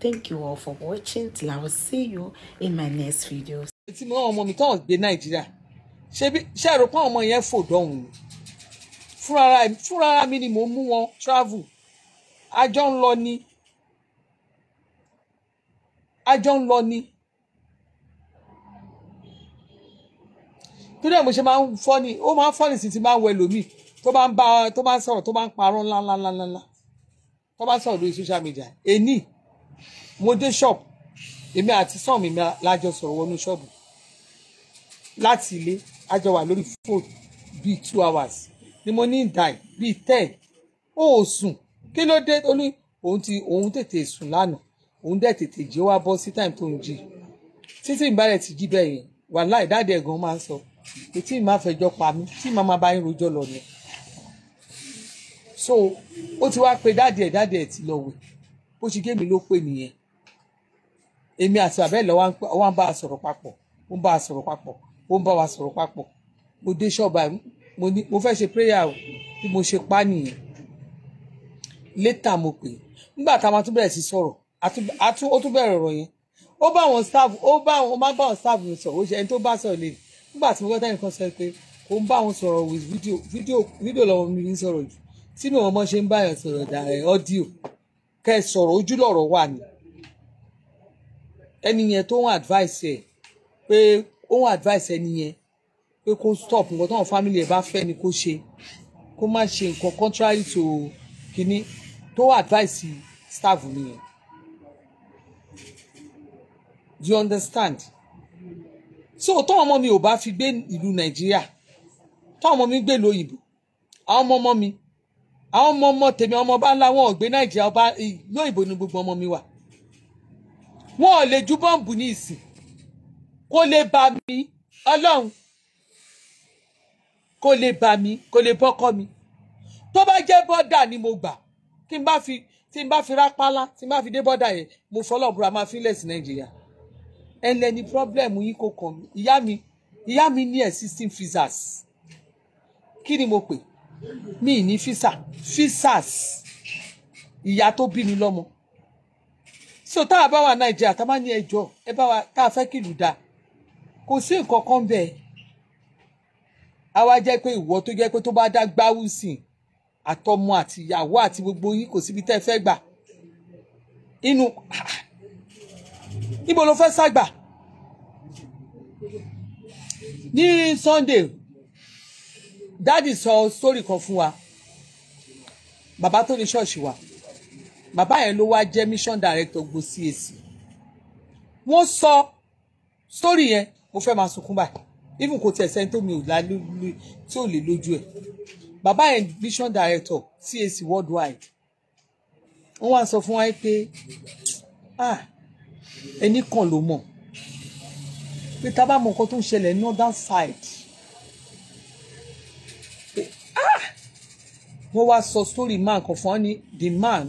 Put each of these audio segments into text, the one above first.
thank you all for watching till i will see you in my next video. tí mo ọmọ mi tán gbé nàìjíríà ṣé ẹ̀rọ pọ́n ọmọ yẹn fò dọ̀hún fúnra mi ni mo mú wọn travel àjọ ń lọ ni àjọ ń lọ ni torí ẹ̀ mo ṣe máa ń fọ́ ni ó máa ń fọ́ ni sì ti máa ń wẹ lómi tó bá ń bá sọ̀rọ̀ tó bá ń parọ́ ńláńláńláńlá tó bá ń sọ̀rọ̀ lórí social media èní. E mo dé ṣọ́ọ̀bù èmi àti sàn mi lájọ sọ̀rọ̀ wọnú ṣọ́ọ̀bù láti ilé àjọ wà lórí fóònù bíi two hours ni mo ní ìdáì bíi ten ó sùn kí ló dé ó ní òun ti òun tètè sùn lánàá òun dẹ̀ tètè jí wá bọ́ sí time tó ń jí títí ìbálẹ̀ ti jí bẹ́ẹ̀ yẹn wàláì dáàdì ẹ̀gàn máa ń sọ pé tí màá pa mí tí màá bá yín rojọ́ lọ ni so ó ti wá pe dáàdì ẹ̀ dáàdì ẹ̀ ti lọ wẹ̀ bó ṣe gémi ló pè nìyẹn èmi àti bàbá ẹ̀ lọ wá ń bá a sọ̀rọ̀ papọ̀ ó ń bá a sọ̀rọ̀ papọ̀ ó ń bá wa sọ̀rọ̀ papọ̀ mo dé ṣọ́ọ̀bà mo fẹ́ ṣe prayer o bí mo ṣe pa nìyẹn later mo pè nígbà tá a máa tún bẹ̀rẹ̀ sí sọ̀rọ̀ ó tún bẹ̀rẹ̀ ọ̀rọ̀ yẹn ó bá àwọn staff ó bá àwọn ó máa bá àwọn staff mi sọ̀rọ̀ ó ṣe ẹni tó bá sọ̀rọ̀ lè nígbà tí mo gbọ́dọ̀ nǹkan sọ pé ó ń bá àwọn sọ̀rọ̀ with video video video lọ́wọ́ mi ń sọ̀rọ̀ jù tí mi ò mọ̀ ṣe ń báyọ̀ sọ̀rọ̀ dàrẹ́ ọ́díò kẹ́ ẹ sọ̀rọ̀ ojú lọ̀rọ̀ wà ní ẹni yẹn tó ń advice ẹ pé ó ń advice ẹni yẹn pé kó stop nǹkan táwọn family ẹ bá fẹ́ ni kó ṣe kó má ṣe nǹkan contrary to kínní tó advice staff nìyẹn do you understand so tọ́wọ́n ọmọ mi ò bá fi gbé ìlú nàìjíríà tọ́wọ́n ọmọ mi gbé lóyìnbó àwọn ọmọ ọmọ mi àwọn ọmọ ọmọ tèmi ọmọ ọba ńlá wọn ò gbé nàìjíríà ọba ìlú òyìnbó ni gbogbo ọmọ mi wà wọn ò lè ju bọ́ǹbù ní ìsìn kó lè bá mi ọlọ́run kó lè bá mi kó lè bọ́kọ́ mi tó bá jẹ́ bọ́dà ni mo gbà tí n bá fi tí n bá fi rápálá tí n bá fi dé bọ́dà yẹn mo fọlọ́ búra máa fílẹ̀ sí nàìjíríà ẹ lẹni pírọ́blẹ̀mù yín kò kàn mí ìyá mi ìyá mi ní ẹ̀ sixteen freezers kí ni mo pè mi ní fisa fisas ìyá tó bí mi lọ́mọ so tá a bá wà nàìjíríà tá a bá ní ẹjọ́ ẹ bá wa tá a fẹ́ kìlù dáa kò sí nǹkan kan bẹ́ẹ̀ a wá jẹ́ pé ìwọ tó jẹ́ pé tó bá dá gbáwùsìn àtọmọ àti ìyàwó àti gbogbo yín kò síbi tẹ́ ẹ fẹ́ gbà inú níbo ló fẹ́ ságbà ní Sunday dáàdì sọ sórí kan fún wa bàbá tó ní ṣọ́ọ̀ṣì wa bàbá yẹn ló wá jẹ́ mission director Igbo CAC wọ́n sọ sórí yẹn mo fẹ́ máa sunkún báyìí even kò tiẹ̀ sẹ́ni tó mi ò tí ò lè lójú ẹ̀ bàbá yẹn mission director CAC worldwide wọ́n wá sọ fún wa pé ah ẹnì kan ló mọ̀ pé tá a bá mọ nǹkan tó ń ṣẹlẹ̀ northern side wọ́n wá sọ story man kan fún ọ ní the man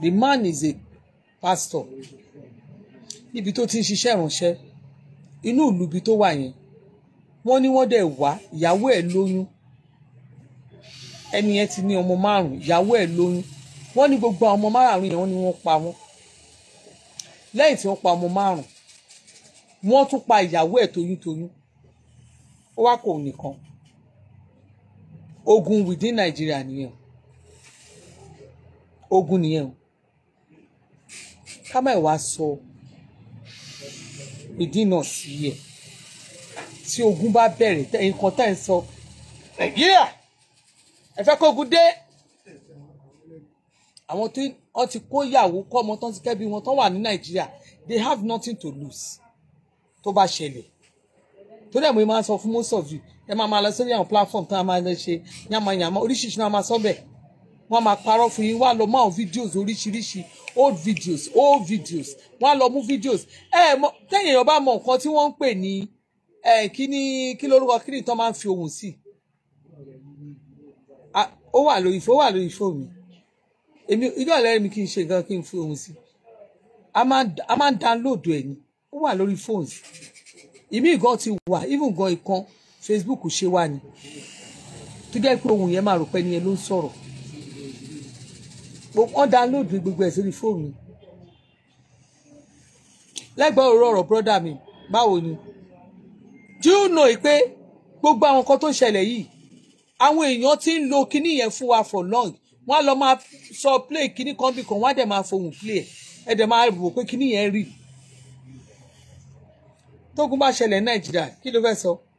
the man is a pastor níbi tó ti ń ṣiṣẹ́ ìránṣẹ́ inú ìlú ibi tó wà yẹn wọ́n ní wọ́n dẹ̀ wá ìyàwó ẹ̀ lóyún ẹni yẹn ti ní ọmọ márùn ìyàwó ẹ̀ lóyún wọ́n ní gbogbo ọmọ márùn yẹn wọ́n ní wọ́n pa wọ́n lẹ́yìn tí wọ́n pa ọmọ márùn wọ́n tún pa ìyàwó ẹ̀ toyúntoyún ó wá kò nìkan ogun within Nigeria nìyẹn ogun nìyẹn o ká má wá sọ ìdínà sí ẹ tí ogun bá bẹ̀rẹ̀ nǹkan tá ẹ̀ ń sọ Nàìjíríà ẹ fẹ́ kógun dé àwọn tí wọ́n ti kó yàwó kọ́ ọmọ tán ti kẹ́bí wọn tán wà ní Nàìjíríà they have nothing to lose tó bá ṣẹlẹ̀ tó dẹ̀ mo máa sọ fún most of you ẹ máa máa lọ sórí àwọn platform tá a máa lọ ṣe yàmàyàmà oríṣiríṣi náà máa sọ bẹ́ẹ̀ wọ́n máa parọ́ fún yín wá lọ mọ àwọn videos oríṣiríṣi old videos old videos wọ́n lọ mú videos ẹ mọ tẹ̀yìn èèyàn bá mọ nǹkan tí wọ́n ń pè ní ẹ kí ni kí lórúkọ kí ni tán máa ń fi ohùn sí ó wà lórí ìfọ ó wà lórí ìfọ mi èmi inú ọ̀lẹ́rìí mi kì í ṣe nǹkan kí n fi ohùn sí a máa ń download ẹ̀ ni ó wà lórí fóònù ìmí ìgan ti wà even gan ìkan Facebook ṣe wà ní tó jẹ́ pé ohun yẹn máa rò pé ẹni yẹn ló ń sọ̀rọ̀ wọ́n dáńlódù gbogbo ẹ̀ sórí fóònù lẹ́gbẹ̀ẹ́ òru ọ̀rọ̀ brọ́dà mi báwo ni do you know pé gbogbo àwọn nǹkan tó ń ṣẹlẹ̀ yìí àwọn èèyàn ti ń lo kinní yẹn fún wa for long wọ́n á lọ máa sọ play kinní kan bí kan wọ́n á dẹ̀ máa fohùn play ẹ̀ ẹ̀ dẹ̀ máa rò pé kinní yẹn rí tógun bá ṣẹlẹ̀ Nàìjíríà kí ló fẹ́ sọ. So?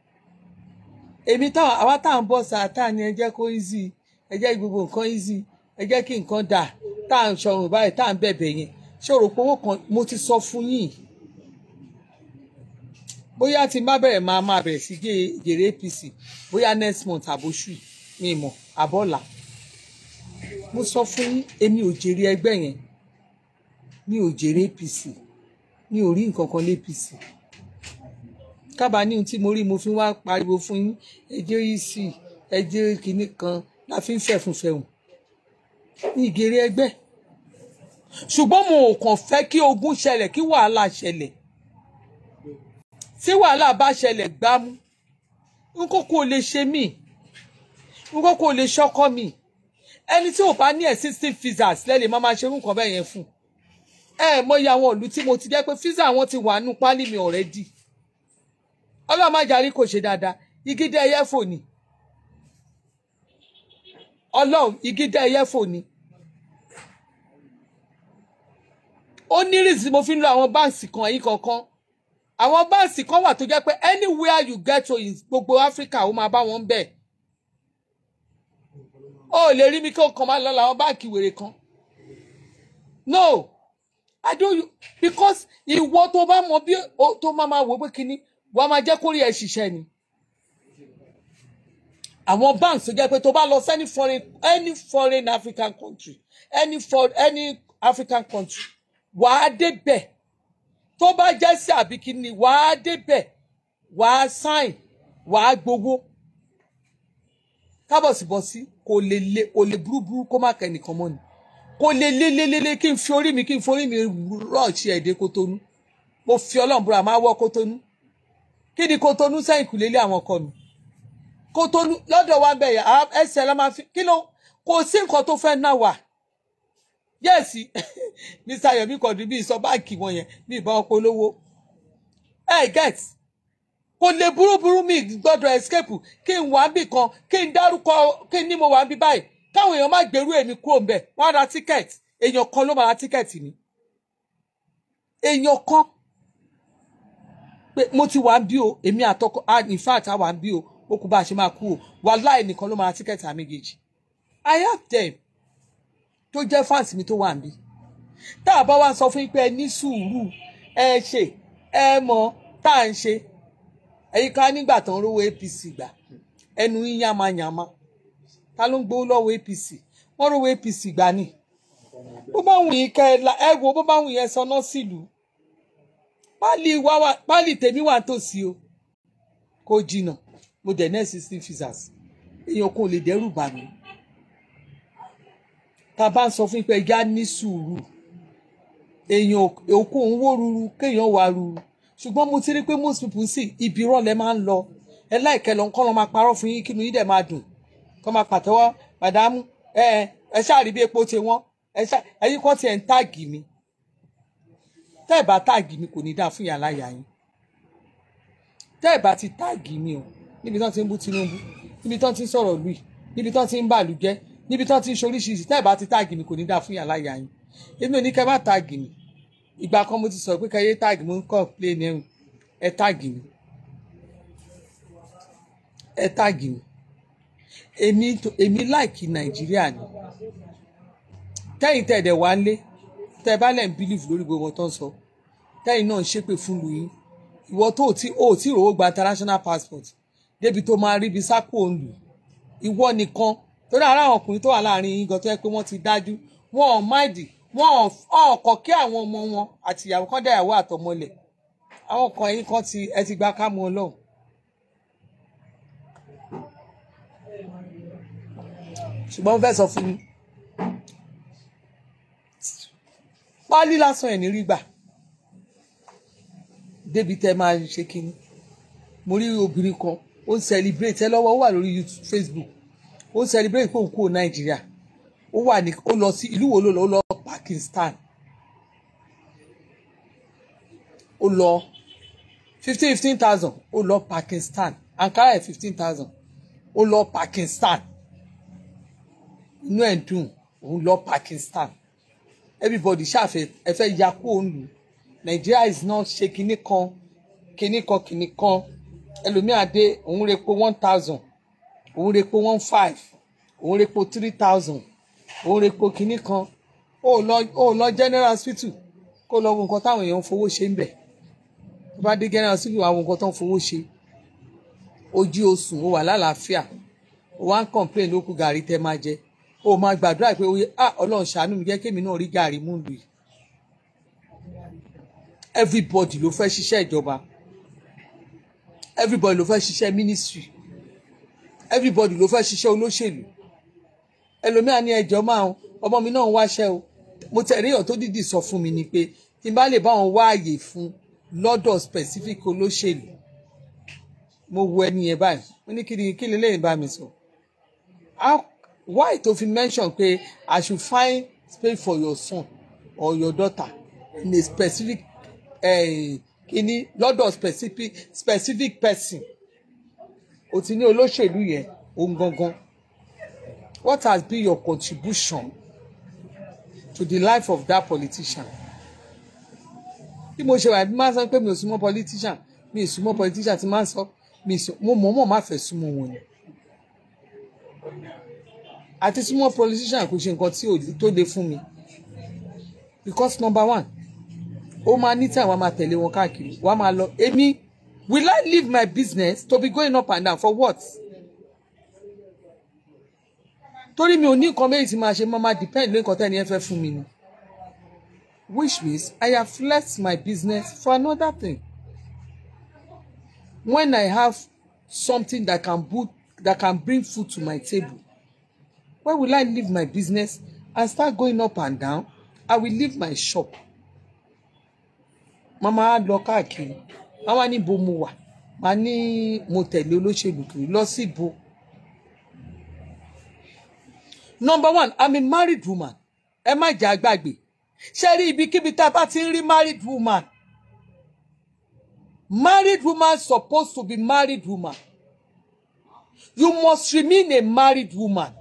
èmi táwọn àwa tá à ń bọ̀ sàátà ni ẹ jẹ́ kó easy ẹ jẹ́ gbogbo nǹkan easy ẹ jẹ́ kí nǹkan dà tá à ń sọ̀rùn báyìí tá à ń bẹ̀bẹ̀ yẹn ṣòro pé owó kan mo ti sọ fún yín bóyá tí n bá bẹ̀rẹ̀ máa máa bẹ̀rẹ̀ sí jèrè APC bóyá next month àbóṣù mi mọ̀ àbọ̀là mo sọ fún èmi ò jèrè ẹgbẹ́ yẹn mi ò jèrè APC mi ò rí nǹkan kan lé APC kábà ní ohun tí mo rí mo fi wá pariwo fún yín ẹjẹ ìsì e ẹjẹ kìíní kan la fi ń fẹ̀fún fẹ̀hùn ní ìgèrè ẹgbẹ́ ṣùgbọ́n mo ò kàn fẹ́ kí ogun ṣẹlẹ̀ kí wàhálà ṣẹlẹ̀ tí wàhálà bá ṣẹlẹ̀ gbámú nkókó lè ṣe mí nkókó lè ṣọkọ mi ẹni tí ò bá ní existing visas lẹ́lẹ̀ máa máa ṣe irú nǹkan bẹ́ẹ̀ yẹn fún ẹ mọ iye àwọn ìlú tí mo ti jẹ́ pé visa wọn ti wà nù pálí mi already ọlọ́run má jàrí kò ṣe dáadáa igídé ẹyẹ fò ni ọlọ́run igídé ẹyẹ fò ni ó ní rìsì mo fi ń lo àwọn báǹsì kan yìí kankan àwọn báǹsì kan wà tó jẹ́ pé anywhere you get to in gbogbo Africa ó máa bá wọn bẹ̀ ó lè rí mi kí o kàn máa lọ làwọn báǹkì wèrè kan no i don't because ìwọ tó bá mọ bí tó máa máa wò pé kínní wàá máa jẹ́ kórìí ẹ̀ ṣiṣẹ́ ni àwọn banks jẹ́ pé tó bá lọ sí any foreign any foreign African country any for any African country wàá débẹ̀ tó bá jẹ́ sí àbíkíní wàá débẹ̀ wàá sign wàá gbowó kábọ̀sibọ̀sí kò lè le kò lè burúburú kó má kẹ́ nìkan mọ́ ni kò lè lélelele kí n fi orí mi kí n forí mi rọ̀ọ̀ṣì ẹ̀dẹ́ kótónú mo fi ọlọ́run búra máa wọ́ kótónú kí ni Kotonu sẹ́yìn kù lélẹ̀ àwọn ọkọ mi Kotonu lọ́dọ̀ wa bẹ̀yà ẹsẹ̀ la máa fi kí ló kò sí nǹkan tó fẹ́ náà wà yẹ́ẹ̀sì Mr. Yomi Quadri bí sọ báǹkì wọn yẹn bí ìbá ọkọ olówó ẹ get kò lè burúburú mi gbọ́dọ̀ escape kí n wà bí kan kí n dárúkọ kí n ní mo wà bí báyìí káwọn èèyàn má gbèrú èmi kúrò ń bẹ̀ wọ́n á ra tíkẹ́ẹ̀tì èèyàn kan ló máa ra tíkẹ́ẹ̀tì ni èèyàn kan pé mo ti wà ń bí o èmi àtọkọ in fact a wà ń bí o ó kú bá a ṣe máa kú o wàláì nìkan ló máa tíkẹ́ẹ̀tì àmì gèjì I have them tó jẹ́ fans mi tó wà ń bí tá a bá wá sọ fún yín pé ẹ ní sùúrù ẹ ṣe ẹ mọ tá à ń ṣe ẹ̀yin ká nígbà tán rówó APC gbà ẹnu yín yamayama ta ló ń gbowó lọ́wọ́ APC wọ́n rówó APC gbà ni bó bá wù yín kẹ́ ẹ wo bó bá wù yín ẹ sọ náà sílùú pálí wá wá pálí tèmi wà tòsí o kò jìnnà mo dẹ̀ ní sixteen fisas èèyàn kò lè dẹ́rù bà mí tá a bá ń sọ fún pé ẹja ní sùúrù èèyàn òkú ń wó ruru kéèyàn wà ruru ṣùgbọ́n mo ti rí pé most people sì ibi rọ́ọ̀lẹ́ máa ń lọ ẹ láìkẹ́ lọ kọ́ lọ́ọ́ máa parọ́ fún yín kí inú yín dẹ̀ máa dùn kọ́ máa pàtẹ́wọ́ màdámù ẹ ẹ ṣáà rí bí epo ti wọ́n ẹ ṣáà ẹ̀yin kọ́ tiẹ̀ ń táàgì mi tẹ́ ẹ̀ bá táàgì mi kò ní dáa fún yàrá yà yín tẹ́ ẹ̀ bá ti táàgì mi o níbi tán ti ń bú Tinubu níbi tán ti ń sọ̀rọ̀ lùi níbi tán ti ń bàlù jẹ́ níbi tán ti ń ṣoríṣiríṣi tẹ́ ẹ̀ bá ti táàgì mi kò ní dáa fún yàrá yà yín èmi ò ní kẹ́ bá táàgì mi ìgbà kan mo ti sọ pé kẹ́yẹ́ táàgì mo ń kọ́ pé ẹ táàgì mi ẹ táàgì mi èmi láìkì Nàìjíríà ni tẹ́yìn tẹ̀dẹ̀ wá tẹ́ bá lẹ́ ń bílíìfù lórí gbogbo wọn tó ń sọ tẹ́yìn náà ń ṣépè fún lu yín ìwọ tó tí o tí rówó gba international passport débi tó máa rí ibi sápò ń lù ìwọ nìkan torí ara àwọn ọkùnrin tó wà láàrin yín gan tó yẹ pé wọ́n ti dájú wọn ò máìdì wọn ò ọkọ̀ kí àwọn ọmọ wọn àti ìyàwó kan dáyàwó àtọmọlẹ̀ àwọn kan yín kan ti ẹ ti gba kámú ọlọ́run. ṣùgbọ́n fẹ́ sọ fún mi pálí lásán ẹ̀ ní rí gbà débi tẹ́ máa ṣe kínní mo rí obìnrin kan ó ń celebrate ẹ lọ́wọ́ ó wà lórí Facebook ó ń celebrate pé òun kúrò Nàìjíríà ó wà ní ó lọ sí ìlú wo ló lọ ó lọ Pakistan ó lọ fifteen fifteen thousand ó lọ Pakistan Ankara ẹ̀ fifteen thousand ó lọ Pakistan inú ẹ̀ dùn òun lọ Pakistan everybody ṣàfẹ́ ẹ fẹ́ ya kú òǹlù is not ṣe kinní kan kinní kan kinní kan ẹlòmíà dé òun repo one thousand òun repo one five òun repo three thousand òun repo kinní kan ó lọ ó lọ general hospital kó lọ wo nǹkan táwọn èèyàn ń fowó ṣe ń bẹ̀ tó bá dé general hospital àwọn nǹkan tó ń fowó ṣe ojú osùn ó wà lálàáfíà ó wá ń complain ló kú gàrí tẹ́ máa jẹ o máa gbàdúrà pé oye ah ọlọ́run ṣàánú mi jẹ́ kémi náà rí gàrí mú lù everybody ló fẹ́ ṣiṣẹ́ ìjọba everybody ló fẹ́ ṣiṣẹ́ ministry everybody ló fẹ́ ṣiṣẹ́ olóṣèlú ẹlòmíà ní ẹjọ́ máa ń ọmọ mi náà ń wáṣẹ́ o mo tẹ̀lé èèyàn tó dìdì sọ fún mi ni pé tí n bá lè bá wọn wá àyè fún lọ́dọ̀ specific olóṣèlú mo wo ẹni yẹn báyìí mo ní kí ni kí lélẹ́yìn bá mi sọ why to fi mention pé i should find space for your son or your daughter in a specific eh, kini uh, lọ́dọ̀ specific specific person o ti ní olóṣèlú yẹn ohun gangan what has been your contribution to the life of that politician bí mo ṣe wà bí máa sọ pé mi ò súnmọ́ politician mi ò súnmọ́ politician ti máa ń sọ mi ò mọ̀ mọ̀ fẹ́ súnmọ́ wọn ni àti small politician kò ṣe nǹkan tí ò tó le fún mi because number one ó máa ní time wàá máa tẹ̀lé wọn káàkiri wàá máa lọ èmi will I leave my business to be going up and down for what torí mi ò ní nǹkan méjì tí máa ṣe máa depend lórí nǹkan tẹ́ni ẹ fẹ́ fún mi ni which means I have flexed my business for another thing when I have something that can, put, that can bring food to my table Why will I leave my business and start going up and down? I will leave my shop. Màmá á lọ káàkiri. Màmá níbo mo wà? Màá ní mo tẹ̀lé olóṣèlú kiri lọ síbo. Number one, I'm a married woman. Ẹ má jẹ́ àgbàgbé. Ṣé rí ibikíbi tá a bá ti ń rí married woman? Married woman supposed to be married woman. You must remain a married woman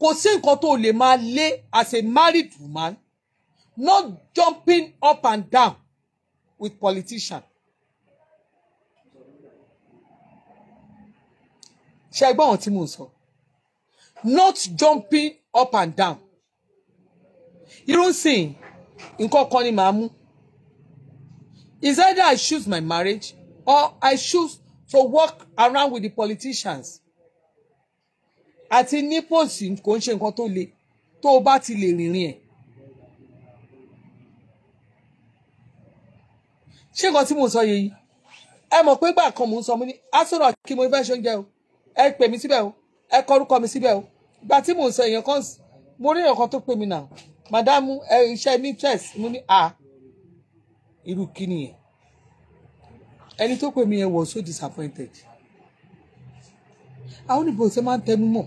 kò sí nǹkan tó lè máa lé as a married woman not jumping up and down with politician. ṣe ẹgbọ́n ọ̀hún tí mò ń sọ not jumping up and down irú sìn nǹkan kan ni màá mú is either I choose my marriage or I choose to walk around with the politicians àti ní pòsì kò ń ṣe nǹkan tó le tó o bá ti lè rìnrìn ẹ̀. ṣé nǹkan tí mo sọ yẹ yìí ẹ mọ̀ pé gbà kan mò ń sọ mo ní asọ̀rọ̀ kí mo fẹ́ ṣe oúnjẹ o ẹ pè mí síbẹ̀ o ẹ kọ orúkọ mi síbẹ̀ o gbà tí mò sọ èèyàn kan mo rí èèyàn kan tó pè mí náà màdámù ẹ iṣẹ́ ní chess mo ní a irú kí nìyẹn ẹni tó pè mí yẹn was so disappointed àwọn òyìnbó ṣe máa ń tẹnu mọ̀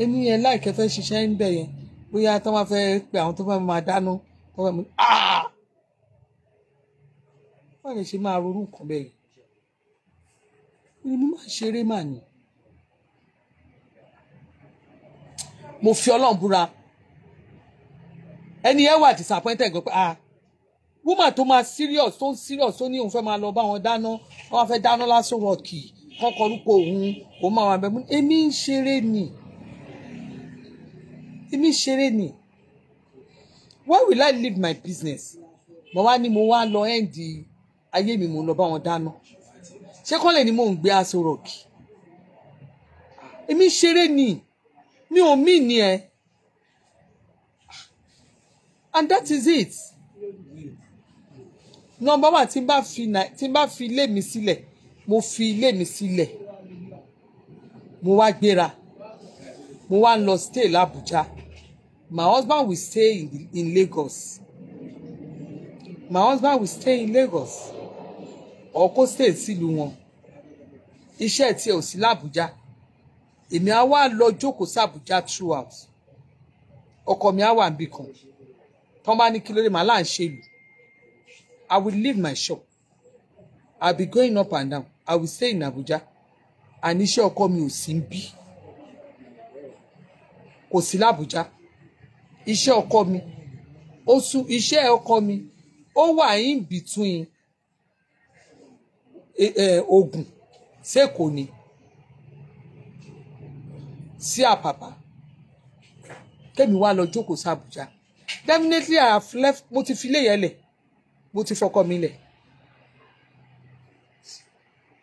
èmi yẹn láìkẹ́ fẹ́ ṣiṣẹ́ ń bẹ̀ yẹn bóyá tó máa fẹ́ pe àwọn tó fẹ́ máa dáná tó fẹ́ mú aaa wọ́n lè ṣe máa ronú nǹkan bẹ́ẹ̀ yìí èmi máa ṣeré mà ní. mo fi ọlọ́run búra ẹni ẹ wà disappointed gan pé ah woman tó máa serious tó ń serious tó ní òun fẹ́ máa lọ bá wọn dáná wọn fẹ́ dáná lásán rọ̀kì kọ́kọ́rúkọ òun kò máa wà bẹ́ẹ̀ mú èmi ń ṣeré nì èmi ń ṣeré nì why will I leave my business mo wá ní mo wá lọ ẹ́ǹdì ayé mi mo lọ bá wọn dáná ṣé kán lè ní mò ń gbé aṣọ rọ̀kì èmi ń ṣeré nì mi ò mí ni ẹ and that is it nọmba wa tí n bá fi lé mi sílẹ̀ mo fi ilé mi sílẹ̀ mo wá gbéra mo wá lọ stay l'Abuja my husband will stay in, in Lagos my husband will stay in Lagos ọkọ stay sílùú wọn iṣẹ́ tí ò sí l'Abuja èmi á wá lọ jókòó s'Abuja throughout ọkọ mi á wà níbì kan tọ́ bá ní kí ló dé màá là ń ṣe lù I will leave my shop I be going up and down I will stay in Abuja and iṣẹ́ ọkọ mi ò sí ń bí kò sí l'Abuja iṣẹ́ ọkọ mi ó sún iṣẹ́ ọkọ mi ó wà in between e, e, Ògùn sẹ́kọ̀ọ́ ni sí Àpàpà kémi wá lọ jókòó sí Abuja definitely I have left mo ti fi ilé yẹn lẹ̀ mo ti fọkọ mi lẹ̀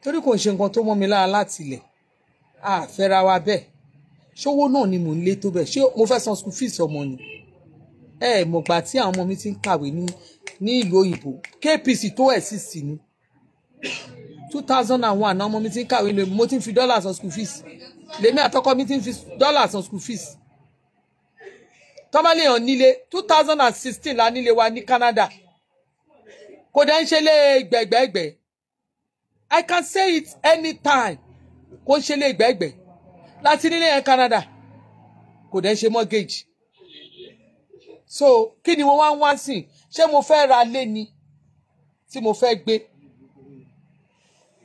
torí kò ṣe nǹkan tó mọ́ mi lára láti ilẹ̀ àfẹ́ra wa bẹ́ẹ̀ ṣówó náà ni mò ń lé tó bẹ́ẹ̀ ṣé mo fẹ́ san school fees ọmọ ni ẹ mọ̀ gbà tí àwọn ọmọ mi ti ń kàwé ní ní ìlú òyìnbó KPC tó ẹ̀ sì sí ni two thousand and one àwọn ọmọ mi ti ń kàwé lèmi mo ti ń fi dọ́là san school fees lèmi àtọkọ mi ti ń fi dọ́là san school fees tọ́mọ́lé hàn nílé two thousand and sixteen la nílé wa ní Canada kò dẹ́ ń ṣe lé gbẹ̀gbẹ̀gbẹ̀ I can say it anytime kó ṣe lé gbẹ́gbẹ́ láti nílé yẹn Canada kò dẹ̀ ṣe mortgage so kí ni mo wá ń wá sí ṣé mo fẹ́ ra lé ni tí mo fẹ́ gbé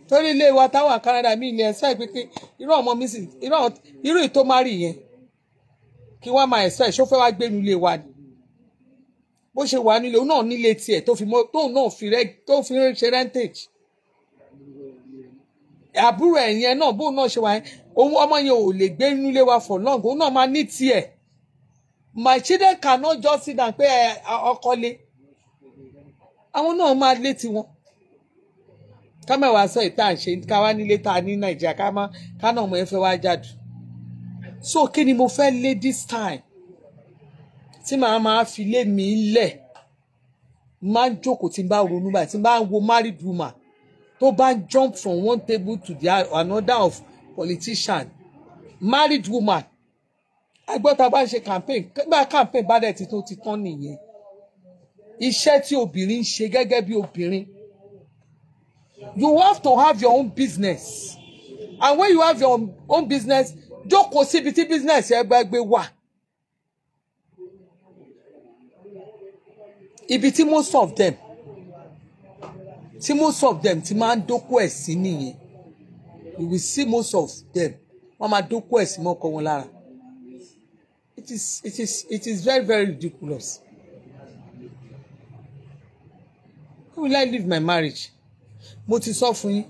torí ilé wa táwọn Canada mi ni. ẹ̀sọ́ ìpínpín irú ọmọ mi sì irú ìtó má rí yẹn kí wọ́n máa ẹ̀sọ́ ẹ̀ ṣó fẹ́ wá gbé nu ilé wa ni bó ṣe wà nílé òun náà nílé tiẹ̀ tó fi mọ́ tóun náà fi ṣe rentage àbúrò ẹ̀ náà bóun náà ṣe wà òun ọmọ yẹn ò lè gbé inú ilé wa for long òun náà máa ní tiẹ̀ my children cannot just sit down pé ọkọ le àwọn náà máa lé tiwọn ká má wàá sọ ìta àṣẹ ká wá nílé ta ní nàìjíríà ká má ká náà mọ ẹ wá jáde so kí ni mo fẹ́ lé this time tí màá máa fi lé mi lẹ̀ máa ń jókòó tí n bá ronú báyìí tí n bá wo married woman tó bá jump from one table to the another of politician married woman ẹgbọ́n tá a bá ń ṣe campaign nígbà campaign bá dẹ̀ ti tó ti tán nìyẹn iṣẹ́ tí obìnrin ń ṣe gẹ́gẹ́ bí obìnrin you have to have your own business and when you have your own business jókòó síbi tí business ẹgbẹ́ gbé wà. ibi tí most of them tí most of them ti máa ń dókó ẹ̀ sí nìyẹn you will see most of them wọ́n máa dókó ẹ̀ sí mọ́kọ wọn lára it is it is it is very very ridiculous how will I live my marriage mo ti sọ fún yín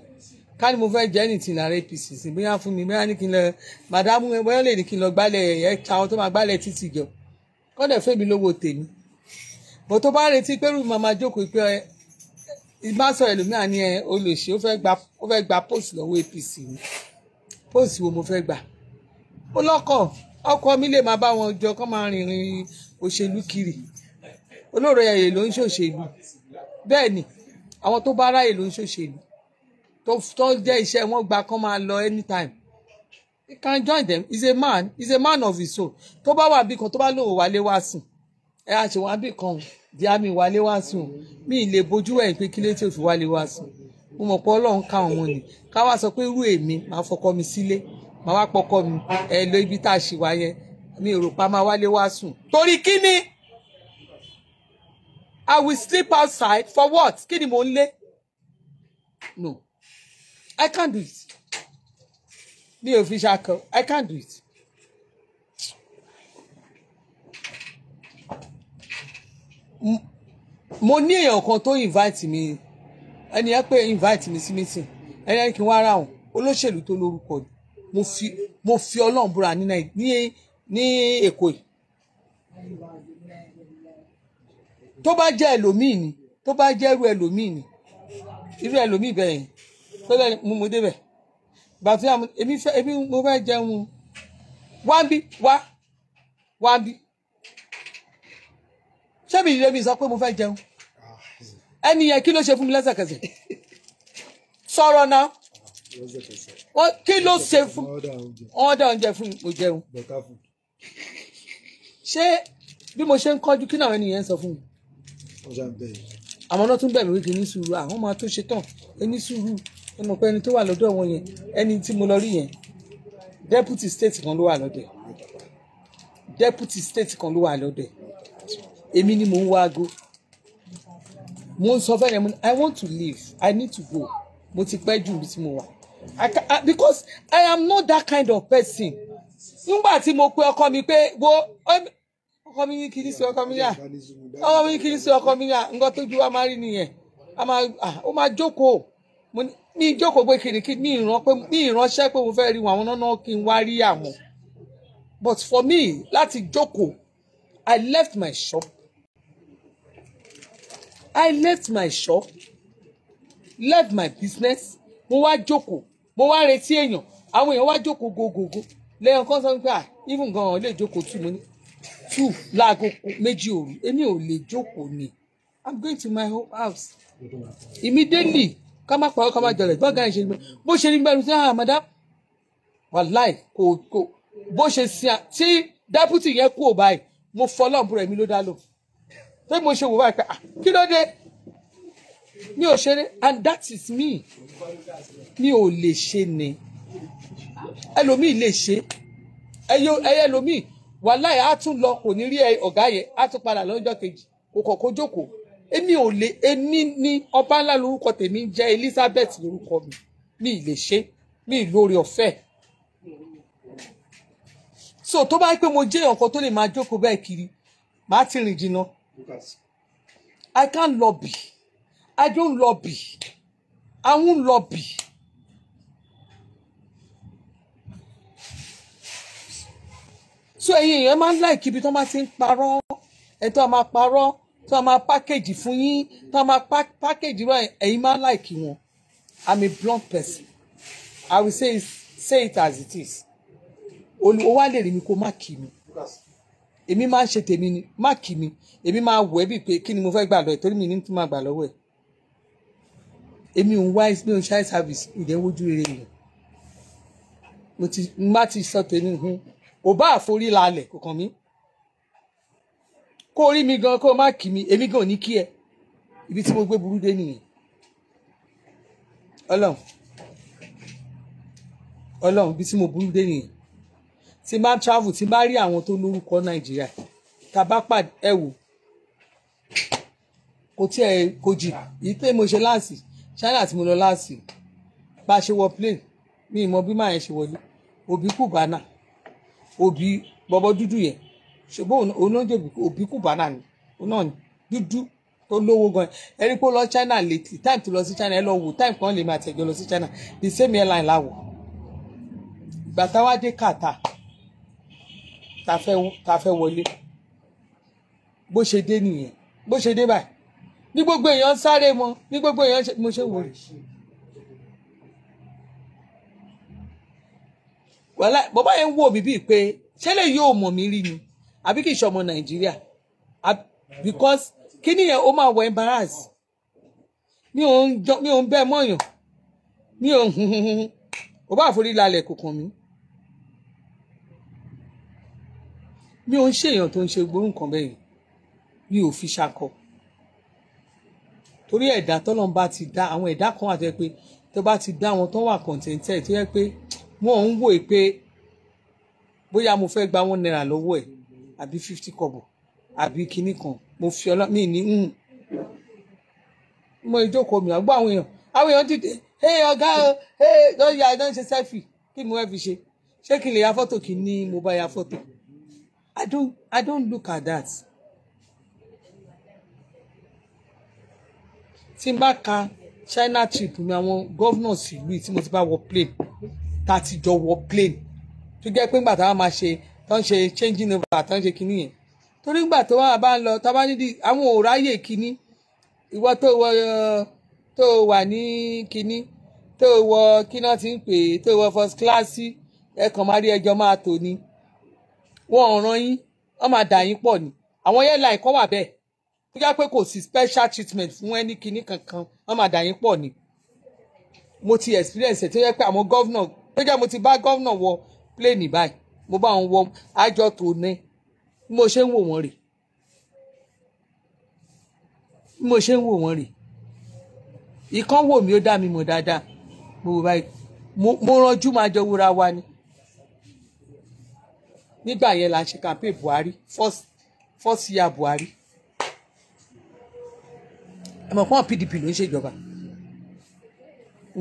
ká ní mo fẹ́ jẹ́ ní ti ìlànà APC sí bóyá fún mi bóyá ní kí n lọ màdámù bóyá lè ní kí n lọ gbálẹ̀ ẹ̀ka àwọn tó máa gbálẹ̀ títì jọ kọ́dẹ̀ fẹ́mi lówó tèmi bó tó bá retí pẹ́rù màmá jókòó pé ìbá sọ ẹlòmíràn ni ẹ olùṣe ó fẹ́ gba ó fẹ́ gba post lọ́wọ́ APC ni post wo mo fẹ́ gbà ó lọ́kọ̀ ọkọ mi lè máa bá wọn jọ kọ́ máa rìnrìn òṣèlú kiri olóòrò ẹ̀yẹ ló ń ṣòṣèlú bẹ́ẹ̀ ni àwọn tó bá ráyè ló ń ṣòṣèlú tó tó jẹ́ iṣẹ́ wọn gba kán máa lọ anytime he can join them he's a man he's a man of his soul tó bá wà bí kan tó bá lòun wálé wá sùn ẹ àṣewà bí kan o díàmì wálé wá sùn mí lè bójú ẹ̀ pé kílé tí ò fi wálé wá sùn mo mọ̀ pé ọlọ́run ká òun ni ká wá sọ pé irú èmi máa fọkọ mi sílé máa wá pọkọ mi ẹ lọ ibi tá a ṣì wá mi ò pa máa wálé wá sùn torí kí I will sleep outside for what kí mo ń no I can't do it mi ò fi ṣàkọ I can't do it mo ní èèyàn kan tó invite mi ẹni yẹn pé invite mi sí meeting ẹni yẹn kí n wá ra òun olóṣèlú tó lórúkọ ni mo fi mo fi ọlọ́run búra ní ní èkó yìí tó bá jẹ́ ẹlòmíì ni tó bá jẹ́ irú ẹlòmíì ni irú ẹlòmíì bẹ́ẹ̀ yẹn tó bẹ́ẹ̀ mú mo débẹ̀ bàtí èmi mo fẹ́ jẹun wá bí wá wá bí ṣé mi ìrẹ́mi sọ pé mo fẹ́ jẹun ẹni yẹn kí ló ṣe fún mi lẹ́sẹ̀kẹsẹ̀ sọ̀rọ̀ náà wọ́n kí ló ṣe fún ọ̀dà oúnjẹ fún mi mo jẹun ṣé bí mo ṣe ń kọjú kí náà ẹnìyẹn sọ fún mi àmọ́ náà tún bẹ̀ wíkì ní sùúrù àwọn máa tó ṣe tán ẹni sùúrù ẹ pé ẹni tó wà lọ́dọ̀ wọn yẹn ẹni tí mo lọ rí yẹn deputy state kan ló wà lọ́dọ̀ deputy state kan ló wà lọ́dọ̀ èmi ni mò ń wá aago mo ń sọ fẹ́rẹ̀ mo i want to live. i need to go mo ti pẹ́ jù bí tí mo wà because i am not that kind of person nígbà tí mo pe ọkọ mi pé wo ọkọ mi ní kí ní sí ọkọ mi yà ọkọ mi ní kí ní sí ọkọ mi yà nǹkan tó ju wa máa rí nìyẹn ó máa jókòó mi jókòó pé kìnìkì mi ìránṣẹ́ pé mo fẹ́ rí wọn àwọn náà kí n wá rí àwọn but for me láti jókòó I left my shop I left my shop, left my business, mo wá jókòó, mo wá retí èèyàn, àwọn èèyàn wá jókòó gogogo. Lẹ́yìn kan sọ pé à ah, even gan an lè jókòó two mo ní two láago méjì òru èmi ò lè jókòó ni I'm going to my home house immediately ká má pàrọ̀ ká má jọlẹ̀ bá gan ṣe bó ṣe ní gbẹ́rù sí ah madam wàláì kò kò bó ṣe sí tí deputy yẹn kú ò báyìí mo fọlọ́ọ̀bù rẹ̀ mi ló dá lò pé mo ṣe wò báyìí pé ah, kí ló dé mi ò ṣeré and that is me mi ò lè ṣe ni ẹlòmíì lè ṣe ẹyẹ ẹlòmíì wàláì á tún lọ kò ní rí ọ̀gá yẹn á tún padà lọ́jọ́ kejì kò kọ̀kọ́ jókòó èmi ò lè èmi ní ọba ńlá lórúkọ tèmi ń jẹ́ Elizabeth lórúkọ mi mi lè ṣe mi lórí ọ̀fẹ́ so tó bá yẹ pé mo jẹ́ ọ̀kan tó lè máa jókòó bẹ́ẹ̀ kiri màá ti rìn jìnnà I can't lobby. I don't lobby. I won't lobby. so ẹ̀yin èèyàn máa ń láìkí ibi tó máa ti ń parọ́ ẹni tó máa parọ́ tó máa pákéjì fún yín tó máa pákéjì rẹ̀ ẹ̀yin máa ń i'm a blunt person i will say say it as it is olùwọ́ wa lè rí mi kó má kí mi èmi máa ń ṣe tèmi ni má kì mí èmi máa wọ ẹ́ bíi pé kí ni mo fẹ́ gbà lọ ìtorí mi ní tí máa gbà lọ́wọ́ ẹ̀ èmi ò ń wá mi ò ń ṣáì service ìdẹ́wójú rere yẹn mo ti má ti sọ tèmi hun ò bá àforí lálẹ̀ kò kàn kó rí mi gan kó má kì mí èmi gan ò ní kí ẹ ibi tí mo gbé burú dé nìyẹn ọlọ́run ọlọ́run ibi tí mo burú dé nìyẹn tí bá travel tí bá rí àwọn tó lórúkọ nàìjíríà tá a bá pàdé ẹ wò kò tí ẹ kò yìí pé mo ṣe láàsì China tí mo lọ láàsì bá a ṣe wọ plane mi ì mọ bí màá yẹn ṣe wọlé òbí kùbánà òbí bọbọ dúdú yẹn ṣùgbọ́n òun náà jẹ̀bi òbí kùbánà ni òun náà dúdú tó lówó gan ẹ rí pé ó lọ China lately time tó lọ sí China ẹ lọ wò time kan lè máa tẹ̀jọ́ lọ sí China the same airline láwọ̀ ìgbà táwa dé Qatar ta fẹ́ ta fẹ́ wọlé bó ṣe dé nìyẹn bó ṣe dé báyìí ní gbogbo èèyàn sáré mọ ní gbogbo èèyàn mo ṣe wò rè. wàhálà bàbá yẹn ń wò mí bíi pé ṣé lè yóò mọ̀ mí rí ni àbí kì í ṣọmọ nàìjíríà because kí nìyẹn ó máa wọ embarrass mi ò ń bẹ́ẹ̀ mọ̀yàn mi ò ń bá àforí lálẹ́ kò kàn mi ò ń ṣe èèyàn tó ń ṣe gbórùn kan bẹ́ẹ̀ mi ò fi ṣakọ torí ẹ̀dá tọ́lọ́n bá ti dá àwọn ẹ̀dá kan àti pé tó bá ti dá wọn tó wà kọ̀ǹtẹ̀ǹtẹ̀ tó yẹ pé wọ́n ń wò pé bóyá mo fẹ́ gba wọn náírà lọ́wọ́ ẹ̀ àbí fifty kọ̀bọ̀ àbí kinní kan mo fi ọlọ́ mi ní ń hmm. mo ìjókòó mi àgbọ́ àwọn èèyàn àwọn èèyàn dìde ẹ ọ̀gá o ẹ lọ́ọ́ yà ẹ náà ṣe sẹ́fì kí mo fẹ́ fi ṣe ṣé kí n lè ya fọ́tò kí ni mo bá ya fọ́tò. I don't I don't look at that. tí n bá ka China trip mi àwọn governors ìlú yìí tí mo ti bá wọ plane tá a ti jọ wọ plane tó jẹ́ pé ńgbà táwọn máa ṣe tó ń ṣe changing over tó ń ṣe kinní yẹn torí ńgbà tó wà bá ń lọ tá a bá nídìí àwọn ò ráyè kinní ìwọ tó wọ tó wà ní kinní tó wọ kí náà ti ń pè é tó wọ first class ẹ máa rí ẹjọ́ máa tò ní wọn ò ran yín wọn máa dà yín pọ̀ ni àwọn airline kan wà bẹ́ẹ̀ tó yá pé kò sí special treatment fún ẹni kinní kankan wọn máa dà yín pọ̀ ni mo ti experience ẹ̀ tó yẹ pé àwọn gọ́vnà tó jẹ́ mo ti bá gọ́vnà wọ pléènì báyìí mo bá wọn wọ àjọ tó ní bí mo ṣe ń wò wọ́n rè bí mo ṣe ń wò wọ́n rè ìkan wò mí ó dá mi mọ̀ dáadáa mo wò báyìí mo ranjú máa jọ wúra wa ni nígbà yẹn la ṣe campaign Buhari first first year Buhari ẹ mọ̀ fún PDP ló ń ṣèjọba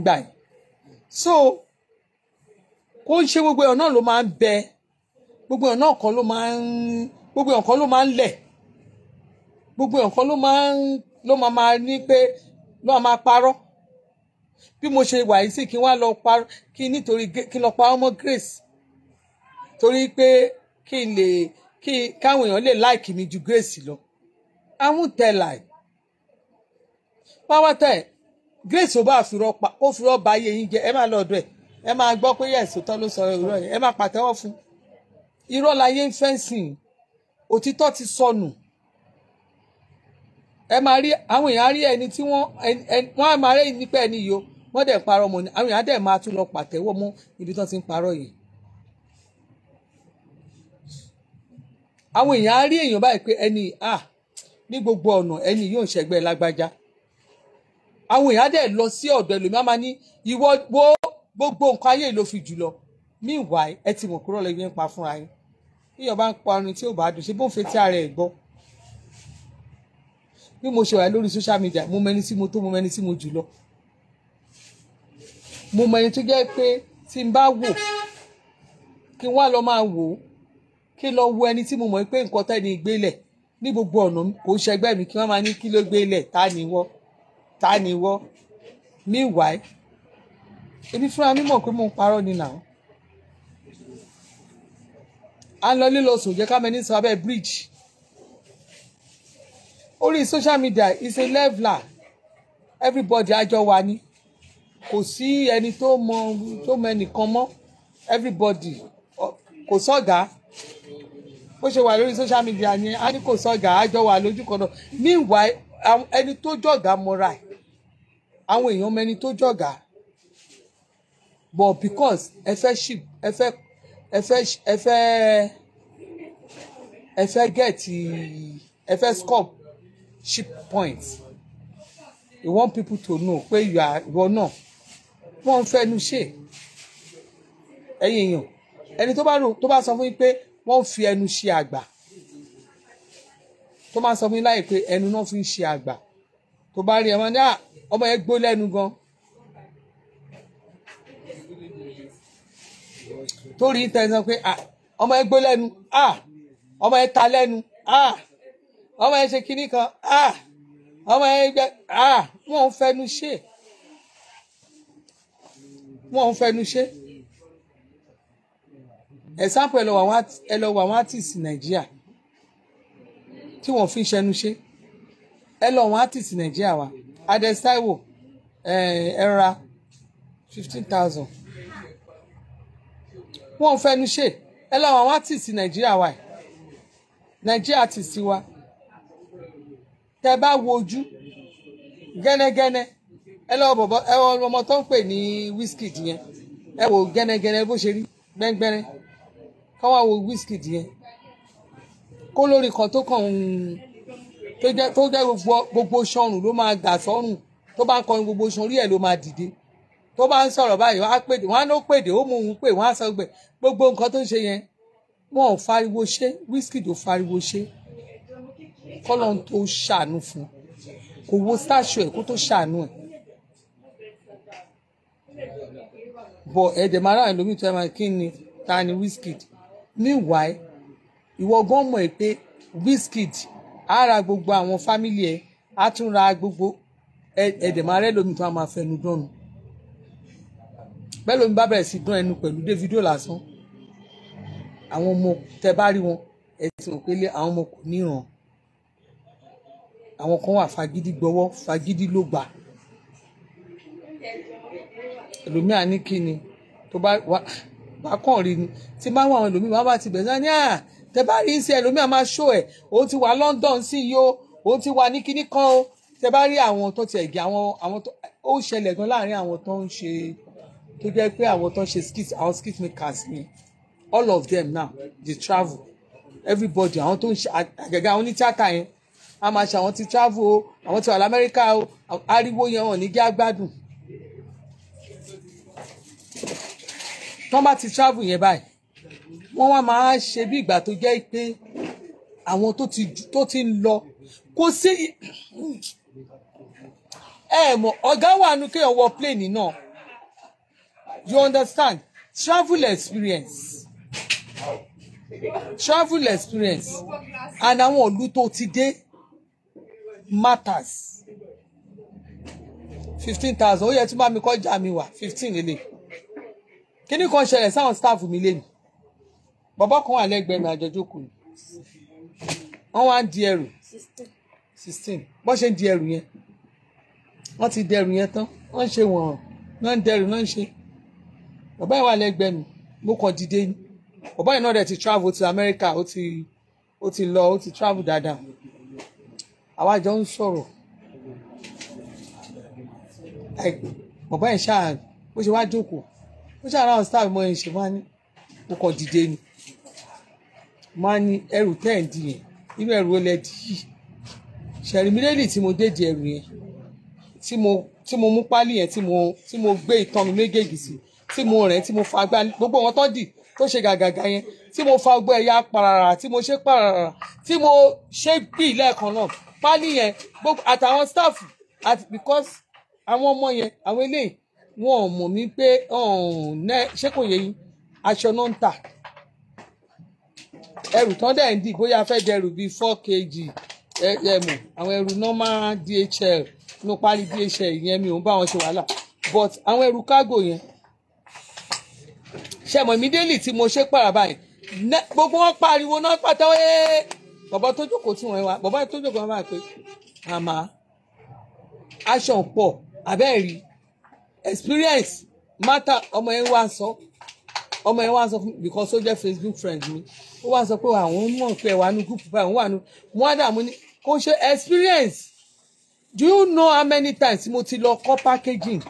gbà yẹn so kó ń ṣe gbogbo ẹ̀ náà ló máa ń bẹ gbogbo ẹ̀ náà kan ló máa ń gbogbo ẹ̀ kan ló máa ń lẹ̀ gbogbo ẹ̀ kan ló máa ń ló máa máa ní pé ló máa parọ́ bí mo ṣe wà yìí sí kí n wá lọ parọ́ kí nítorí kí n lọ parọ́ mọ́ Grace torí pé kí n lè kí káwọn èèyàn lè láìkì mi ju Grace lọ I won't tell lie pápátá Grace ò bá òfurọ́ pa òfurọ́ bá ayé yín jẹ ẹ máa lọ ọ̀dọ̀ ẹ ẹ máa gbọ́ pé yẹ ìsòtọ́ ló sọ irọ́ yẹn ẹ máa pàtẹ́wọ́ fún irọ́ láyé ń fẹ́ǹsìn òtítọ́ ti sọnù ẹ máa rí àwọn èèyàn rí ẹni tí wọ́n wọ́n á máa rí nípa ẹni yìí o wọ́n dẹ̀ parọ́ mọ́ ni àwọn èèyàn dẹ̀ máa tún lọ pàtẹ́wọ́ mọ́ ibi tí wọ́n ti ń parọ́ yìí àwọn èèyàn á rí èèyàn báyìí pé ẹni à ní gbogbo ọ̀nà ẹni yóò ṣẹgbẹ́ lágbájá àwọn èèyàn á dẹ̀ lọ sí ọ̀dọ̀ ẹlòmíà máa ní ìwọ wo gbogbo nǹkan ayé ló fi jùlọ meanwhile ẹ ti mọ̀ kúrò lẹ́yìn ń pa fúnra yín yíyan bá ń parun tí ò bá dùn ṣe bó ń fetí ara ẹ̀ gbọ́ bí mo ṣe wà lórí social media mo mẹni tí mo tó mo mẹni tí mo jù lọ mo mẹni tó jẹ́ pé tí n bá wò kí n wá lọ máa wò ó kí lọ wo ẹni tí mo mọ̀ pé nǹkan tẹ́ni gbélẹ̀ ní gbogbo ọ̀nà kò ṣẹgbẹ́ mi kí wọ́n máa ní kí ló gbélẹ̀ ta ni wọ́ ta ni wọ́ meanwhile èmi fúnra mi mọ̀ pé mo ń parọ́ ni nà ó à ń lọ lílọ sùn jẹ́ ká mẹ́ni sọ bridge orí social media is a leveler everybody àjọ wa ni kò sí ẹni tó mọ tó mọ ẹnìkan mọ́ everybody kò sọ̀gá. So bó ṣe wà lórí social media yẹn a ní kò sọ̀gà àjọ wà lójú kan náà meanwhile ẹni tó jọ̀gà mọ́ra ẹ̀ àwọn èèyàn mẹ́ni tó jọ̀gà but because ẹ fẹ́ ship ẹ fẹ́ ẹ fẹ́ ẹ fẹ́ ẹ fẹ́ get ẹ fẹ́ score ship points you want people to know pé ìwọ náà wọ́n ń fẹ́nu ṣe ẹ̀yin èèyàn ẹni tó bá sọ fún yín pé wọ́n fi ẹnu ṣe àgbà tó máa sọ fún yín láyè pé ẹnu náà fi ń ṣe àgbà tó bá rí ẹ máa ní à ah, ọmọ yẹn gbó lẹ́nu gan tó rí tẹ̀sán pé à ah, ọmọ yẹn gbó lẹ́nu à ah, ọmọ yẹn ta lẹ́nu à ọmọ yẹn ṣe kinní kan à ọmọ yẹn gbẹ à wọ́n ń fẹnu ṣe wọ́n ń fẹnu ṣe ẹ̀sáàpù ẹ lọ wọ àwọn artist nàìjíríà tí wọ́n fi ń ṣẹnu ṣe ẹ lọ artist nàìjíríà wa adestaiwo eh, ẹ̀ra fifteen thousand wọ́n fẹnu ṣe ẹ lọ àwọn artist nàìjíríà wa nàìjíríà artist wa tẹ bá wo ojú gẹ́nẹ́gẹ́nẹ́ ẹ lọ bọ̀bọ̀ ẹ ọmọ tó ń pè ní wíṣkì yẹn ẹ wò gẹ́nẹ́gẹ́nẹ́ bó ṣe rí gbẹ́ngbẹ́rẹ́ kọ́ wá wo Wizkid yẹn kó lórí kan tó kàn ń tó jẹ́ gbogbo sọrùn ló máa gbà sọ́rùn tó bá ń kọrin gbogbo sọrùn rí ẹ̀ ló máa dìde tó bá ń sọ̀rọ̀ báyìí wọ́n á pèdè wọ́n á ló pèdè ó mú òun pè wọ́n á sọ gbẹ gbogbo nǹkan tó ń ṣe yẹn wọn ò fariwo ṣe Wizkid ò fariwo ṣe kọ́lọ́n tó ṣàánú fún kò wo stáṣọ ẹ̀ kó tó ṣàánú ẹ̀ bọ̀ ẹ̀dẹ̀ mara ẹ̀ lómi tó ẹ̀ máa kí ni ta ni Wizkid meanwhile ìwọ gan mọ̀ ẹ́ pé Wizkid á ra gbogbo àwọn fámìlì ẹ̀ á tún ra gbogbo ẹ̀ẹ́dẹ̀mọ́rẹ́ lómi tó a máa fẹnu dọ́nu bẹ́ẹ̀ lómi bá bẹ̀rẹ̀ sí dán ẹnu pẹ̀lú Davido lásán àwọn ọmọ tẹ bá rí wọn ẹ ti rò pé àwọn ọmọ kò níran àwọn kan wà fagídí gbọ́wọ́ fagídí ló gbà ẹlòmíà ní kíni tó bá wà bá kàn rí ni tí bá wà àwọn ẹlòmíì máa bá ti bẹ̀rẹ̀ sani à tẹ bá rí sí ẹlòmíì máa ṣó ẹ̀ ó ti wà London sí yìí o ó ti wà ní kíní kan o tẹ rí àwọn tó ti ẹ̀gẹ́ àwọn àwọn tó ó ṣẹlẹ̀ gan láàrin àwọn tó ń ṣe tó jẹ́ pé àwọn tó ń ṣe skit àwọn skit makers ni all of them now dey travel everybody àwọn tó ń ṣe àgàgà àwọn onítìátà yẹn a máa ṣe àwọn ti travel o àwọn ti wà lamẹ́ríkà o ariwo yẹn wọn ní gí agbádùn tán bá ti travel yẹn báyìí wọ́n wá máa ṣe bí ìgbà tó jẹ́ pé àwọn tó ti tó ti ń lọ kò sí ẹ mọ̀ ọ̀gá wà nù kéèyàn wọ plane náà you understand travel experience travel experience and àwọn ìlú tó ti dé matters fifteen thousand ó yẹ tí bá mi kọjá mi wà fifteen lélẹ̀ kíní kan ṣẹlẹ̀ sáwọn staff mi lé mi bàbá kan wà lẹ́gbẹ̀ẹ́ mi àjọjọ́ kù ni wọ́n wá ń di ẹrù sixteen bọ́n ṣe ń di ẹrù yẹn wọ́n ti di ẹrù yẹn tán wọ́n ń ṣe wọ̀n náà ń dẹrù náà ń ṣe bàbá yẹn wà lẹ́gbẹ̀ẹ́ mi mo kàn dìde ni bàbá yẹn náà dẹ̀ ti travel to America ó ti ó ti lọ ó ti travel dáadáa àwa jọ ń sọ̀rọ̀ bàbá yẹn ṣáà bó ṣe wá jókòó ó ṣàrà àwọn sáà mọ ìṣe máa ní mo kàn dìde ni máa ní ẹrù tẹ́ ń di yẹn inú ẹrù olè dì yìí ṣẹ̀rìmílẹ́lì tí mo dédìí ẹrù yẹn tí mo tí mo mú pálí yẹn tí mo tí mo gbé ìtàn mi méjèèjì sí tí mo rẹ̀ tí mo fa agbá gbogbo wọn tó dì tó ṣe gàgàgà yẹn tí mo fa ọgbẹ́ ẹ̀yà parara tí mo ṣe parara tí mo ṣe gbì lẹ́ẹ̀kan náà pálí yẹn gbogbo àtàwọn staff àti because àwọn ọmọ yẹn àwọn eléyìí wọn ò mọ̀ mí pé ṣé kò yẹ yín aṣọ náà ń tà ẹrù tán dẹ̀ ń dì bóyá fẹ́ dẹrù bíi four kg ẹ̀mọ̀ àwọn ẹrù normal DHL ló parí DHL yẹn mi ò ń bá wọn ṣe wàhálà but àwọn ẹrù kágò yẹn ṣẹmọ mi délì tí mo ṣe pàrà báyìí gbogbo wọn pariwo náà pátá ẹ bàbá tó jókòó tí wọn wá bàbá tó jókòó wọn wá pé àmà aṣọ ń pọ̀ abẹ́ẹ̀rí experience matter ọmọ yẹn wá sọ ọmọ yẹn wá sọ fún because ó jẹ́ Facebook friend mi ó wá sọ pé àwọn mọ̀ pé wà nù group báyìí wà nù mo wá dààmú kò ṣe experience do you know how many times mo ti lọ kọ́ packaging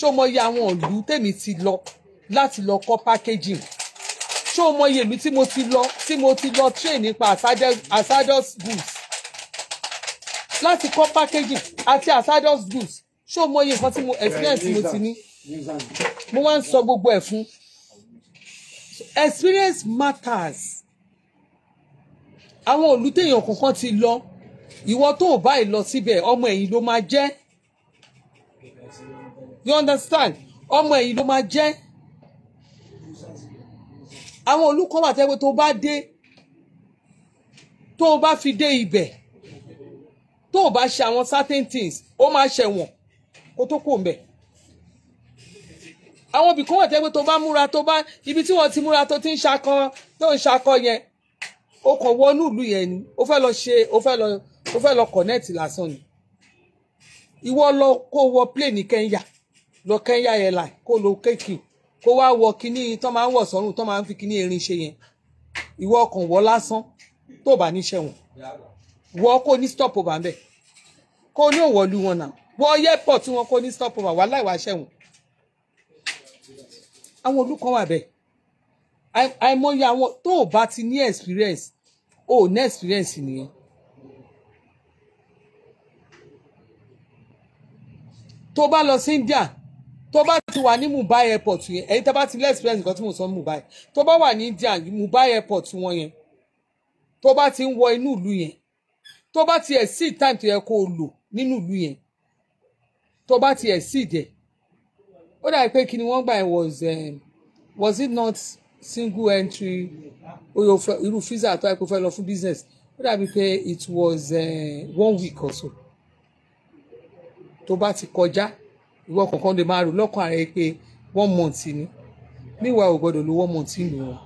ṣó mo yẹ àwọn ìlú tèmi ti lọ láti lọ kọ́ packaging ṣó mo yẹ mi tí mo ti lọ tí mo ti lọ train nípa hazardous goods láti kọ́ packaging àti hazardous goods ṣé o mọ nǹkan tí mo experience mo ti ní mo wá ń sọ gbogbo ẹ̀ fún experience matters àwọn olùtẹ̀yàn kankan ti lọ ìwọ tó o báyìí lọ síbẹ̀ ọmọ ẹ̀yìn ló máa jẹ́ you understand ọmọ ẹ̀yìn ló máa jẹ́ àwọn olùkọ́ wà tẹ́wé tó bá dé tó o bá fi dé ibẹ̀ tó o bá ṣe àwọn certain things ó máa ṣẹ̀wọ̀n kó tó kú òǹbẹ̀ àwọn ibì kan wà tẹ́gbẹ́ tó bá múra tó bá ibi tí wọ́n ti múra tó ti ń ṣakọ tó ń ṣakọ yẹn ó kàn wọnú ìlú yẹn ni ó fẹ́ lọ ṣe ó fẹ́ lọ ó fẹ́ lọ connect lásán ni ìwọ lọ kó wọ plane Kenya lọ Kenya airline kó lọ kéèkì kó wá wọ kíní tó máa ń wọ̀ sọ́run tó máa ń fi kíní erin ṣe yẹn ìwọ ọkàn wọ lásán tó bá níṣẹ́ wọn wọ kó ní stop over ń kó ní òwòlú wọn náà wọ airport tí wọn kó ní stopover wà láì wá ṣẹ̀wọ̀n àwọn olùkọ́ wà bẹ́ẹ̀ àìmọye àwọn tó o bá ti ní experience o ò ní experience nìyẹn. tó bá lọ sí India tó bá ti wà ní Mumbai airport yẹn ẹ̀yin tó bá ti lé experience nǹkan tí mo sọ ní Mumbai tó bá wà ní India Mumbai airport wọn yẹn tó bá ti ń wọ inú ìlú yẹn tó bá ti exceed time tó yẹ kó o lò nínú ìlú yẹn tó bá tiẹ̀ sí ìdẹ̀ ó dàbí pé kí ni wọ́n gbà ẹ̀ was um, was it not single entry oyo irú visa àtọ́ ẹ̀kọ́ fẹ́ lọ fún business ó dàbí pé it was uh, one week or so tó bá ti kọjá ìwọ kọ̀ọ̀kan lè máa rò lọ́kàn ara ẹ pé one month ni meanwhile ò gbọ́dọ̀ lo one month nù wọn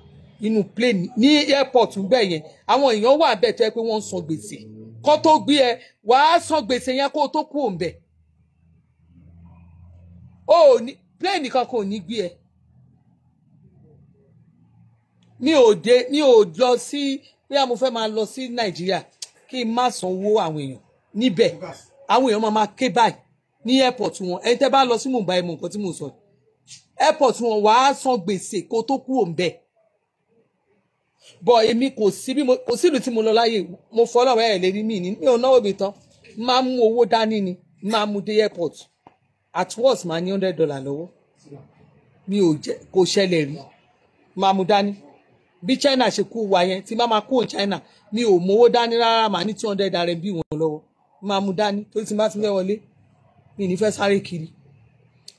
inú plane ní airport ń bẹ̀ yẹn àwọn èèyàn wà bẹ́ẹ̀ tó yẹ pé wọ́n ń san gbèsè kó tó gbé ẹ wàá san gbèsè yẹn kó tó kú òǹbẹ̀ o ò ní plane nìkan ni ní gbé ẹ mi ò dé mi ò lọ sí bóyá mo fẹ́ máa lọ sí nàìjíríà kí n má sanwó àwọn èèyàn níbẹ̀ àwọn èèyàn máa máa ké báyìí ní airport wọn ẹni tẹ́ bá lọ sí Mumbai mọ nǹkan tí mò ń airport wọn wàá san gbèsè kó tó kúrò ń bẹ̀ bọ̀ èmi kò sí bí mo kò sí ìlú tí mo lọ láyè mo fọlọ́wọ́ ẹ̀ lérí mi ní mi ò náwó mi tán máa mú owó dání ni máa mú dé airport at worst máa ní hundred dollars. lọ́wọ́ mi ò jẹ́ kò ṣẹlẹ̀ rí máa mú dání bí China ṣe kú wa yẹn tí má máa kú China mi ò mówó dání rárá màá ní two hundred rmb wọn lọ́wọ́ máa mú dání tó ti má ti fẹ́ wọlé mi ní fẹ́ sáré kiri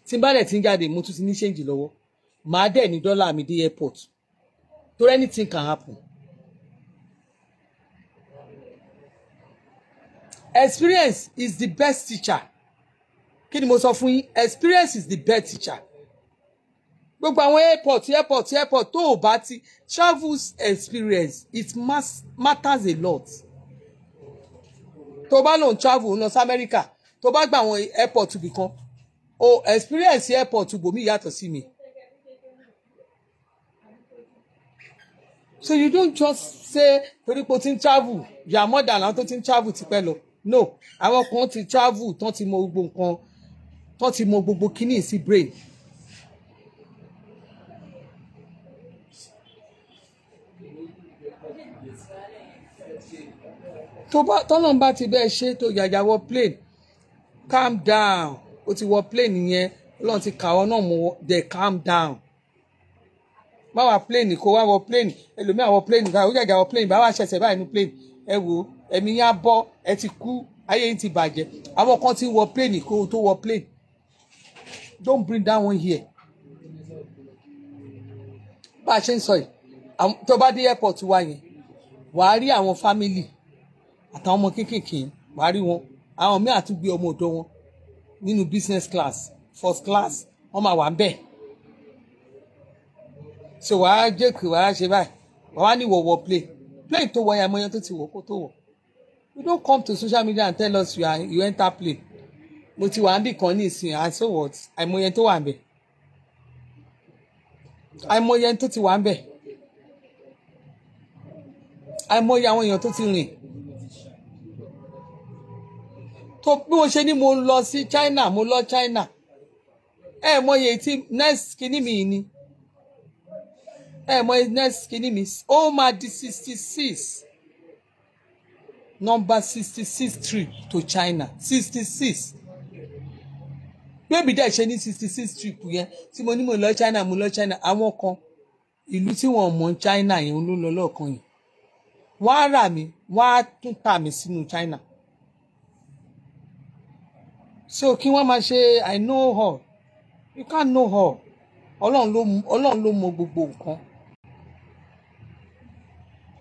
tí n bá dẹ̀ ti ń jáde mo tún ti ní ṣéǹjì lọ́wọ́ màá dẹ̀ ní dọ́là mi dé airport so anything can happen. Experience is the best teacher kí ni mo sọ fún yín experience is the best teacher gbogbo àwọn airport airport airport tó o bá ti travel experience it matters a lot tó o bá lòun travel North America tó o bá gba àwọn airport bìkan o experience airport bòmí yàtọ̀ sí mi so you don't just say torí pé ti ń travel your mother làwọn tó ti ń travel tipẹ́ lọ no àwọn kan ti travel tán ti mọ gbogbo nǹkan tó ti mọ gbogbo kíní sí brain tọ́lọ́n bá ti bẹ́ẹ̀ ṣe tó yàyà wọ plane calm down ó ti wọ plane yẹn ọlọ́run ti kàwọ́ náà mú dẹ̀ calm down má wà plane kó wá wọ plane ẹlòmíà wọ plane ká ó yàyà wọ plane bá wà ṣẹ̀ṣẹ̀ báyìí ní plane ẹ wo ẹ̀mí yẹn á bọ́ ẹ ti kú ayé yín ti bàjẹ́ àwọn kan ti wọ plane kó o tó wọ plane don't bring that one here bá a ṣe ń sọ yìí tó bá dé airport wa yẹn wàá rí àwọn family àtàwọn ọmọ kéékèèké wàá rí wọn àwọn míì àti gbé ọmọ ọ̀dọ̀ wọn nínú business class first class wọn máa wà ń bẹ so wàá jẹkù wàá ṣe báyìí wàá ní wọwọ play play to wọ ẹyà mọyán to ti wọ kó tó wọ you don't come to social media and tell us you, are, you enter play mo ti wà níbì kan ní ìsìn and so what àìmọye tó wà níbẹ̀ àìmọye tó ti wà níbẹ̀ àìmọye àwọn èèyàn tó ti rìn tó bí mo ṣe ní mo lọ sí China mo lọ China ẹ mọye tí next kini mi ni ẹ mọye next kìíní mi ó máa di sixty six number sixty six trip to China sixty six bébì dẹ̀ ṣe ní sixty six trip yẹn tí mo ní mo lọ China mo lọ China àwọn kan ìlú tí wọn mọ China yẹn ló lọ lọ́ọ̀kan yìí wọ́n á rà mí wọ́n á tún tà mí sínú China so kí wọ́n máa ṣe I know her you can know her ọlọ́run ló mọ gbogbo nǹkan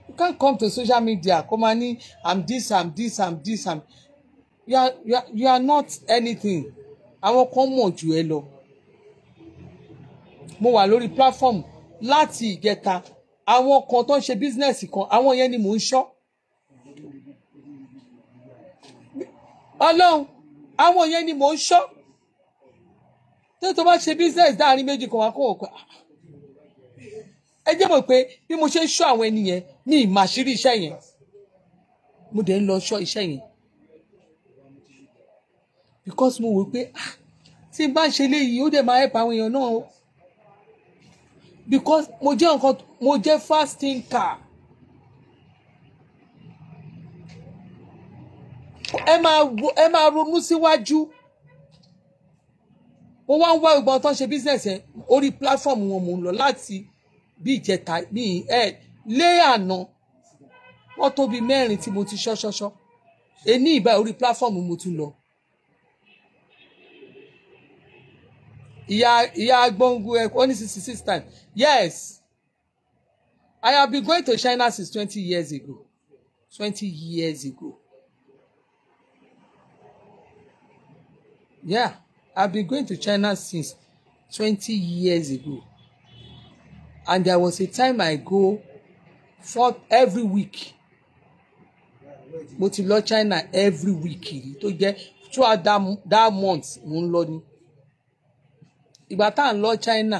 you can come to social media kó máa ní i'm this i'm this i'm this i'm you are, you are, you are not anything àwọn kan mọ̀ jù ẹ lọ mo wà lórí platform láti ìjẹta àwọn kan tó ń ṣe bísínẹ́sì kan àwọn yẹn ni mò ń ṣọ́ ọlọ́run àwọn yẹn ni mò ń ṣọ́ tó tó bá ṣe bísínẹ́sì dáàrin méjì kan wá kó o pa ah. ẹ jẹ́ mọ̀ pé bí mo ṣe ń ṣọ́ àwọn ẹni yẹn ní ìmàṣírí iṣẹ́ yẹn mo dẹ̀ ń lọ ṣọ́ iṣẹ́ yẹn because mo wò pé ah tí n bá ṣe léyìí ó dẹ̀ máa help àwọn èèyàn náà because mo jẹ́ nǹkan mo jẹ́ fast thinker. ẹ máa ẹ máa ronú síwájú mo wá ń wá ìgbọ́n tó ń ṣe business ẹ orí platform wọn mò ń lọ láti bí ìjẹta bí ẹ lé àná wọn tó bí mẹ́rin tí mo ti ṣọṣọṣọ ẹ ní ìbá orí platform mo tún lọ ìyá ìyá agbóngu ẹ ó ní sixty times yes I have been going to China since twenty years ago twenty years ago yeah I've been going to China since twenty years ago and there was a time I go for every week mo ti lọ China every week rí tó jẹ́ throughout that, that month mo ń ìgbà tá à ń lọ China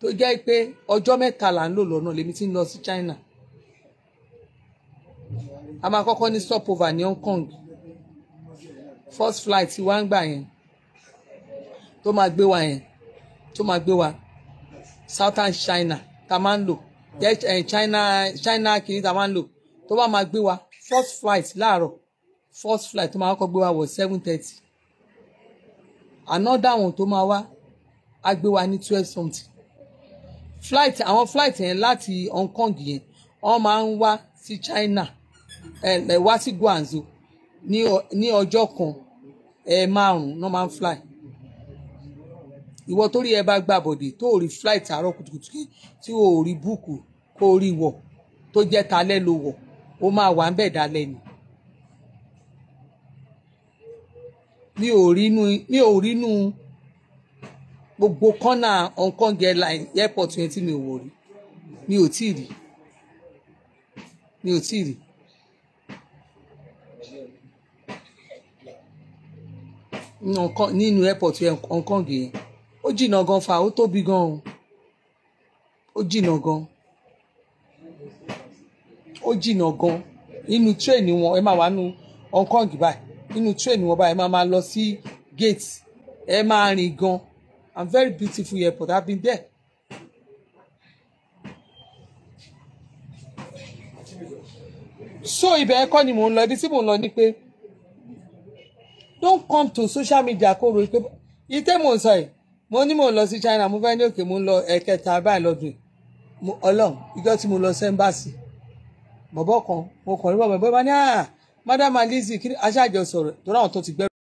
tó jẹ́ pé ọjọ́ mẹ́ta là ń lò lọ́nà lèmi ti ń lọ sí China a máa kọ́kọ́ ní stopover ní Hong Kong first flight wa ń gbà yẹn tó máa gbé wa yẹn tó máa gbé wa southern China ta máa ń lò eh, China China kìíní ta máa ń lò tó bá máa gbé wa first flight láàárọ̀ first flight tó máa kọ́kọ́ gbé wa wọ̀ seven thirty another one tó máa wá a gbé wa ní twelve something flight àwọn flight yẹn láti Hong Kong yẹn wọ́n máa ń wá sí China ẹ̀ eh, eh, wá sí Guangzhou ní ọjọ́ kan ẹ̀ eh, márùn náà máa ń fly ìwọ torí ẹ bá gbà bọ̀dẹ̀ tó o rí flight àárọ̀ kùtùkùtù kí tí o rí búùkù kó o rí wọ̀ tó jẹ́ talẹ́ ló wọ̀ ó máa wà ń bẹ̀ dalẹ́ ni. mi ò rí inú mi ò rí inú gbogbo kọ́nà Hong Kong airline airport yẹn tí mi ò wò rí mi ò tíì rí mi ò tíì rí. nínú airport yẹn Hong Kong yẹn ó jìnnà gan fa ó tóbi gan o ó jìnnà gan ó jìnnà gan nínú tírèènì wọn ẹ máa wà nù Hong Kong báyìí nínú tírèènì wọn báyìí ẹ máa máa lọ sí gate ẹ máa rìn gan and very beautiful airport. I've been there. So if ẹ̀kọ́ ni mò ń lọ ibi tí on ń don't come to social media Call ro pé ìtẹ́ mò ń sọ yìí mo ní mò ń lọ sí China mo fẹ́ ní òkè mo ń lọ ẹ̀kẹta báyìí lọ́dún ọlọ́run ìjọ tí mo lọ sẹ́ńbàṣì bọ̀bọ̀ kan mo kàn rí bọ̀bọ̀ bọ́ẹ̀ bá ní àà ah, madam alizi kí aṣáájọ sọ̀rọ̀ tó ráwọn tó ti gbẹ́rù.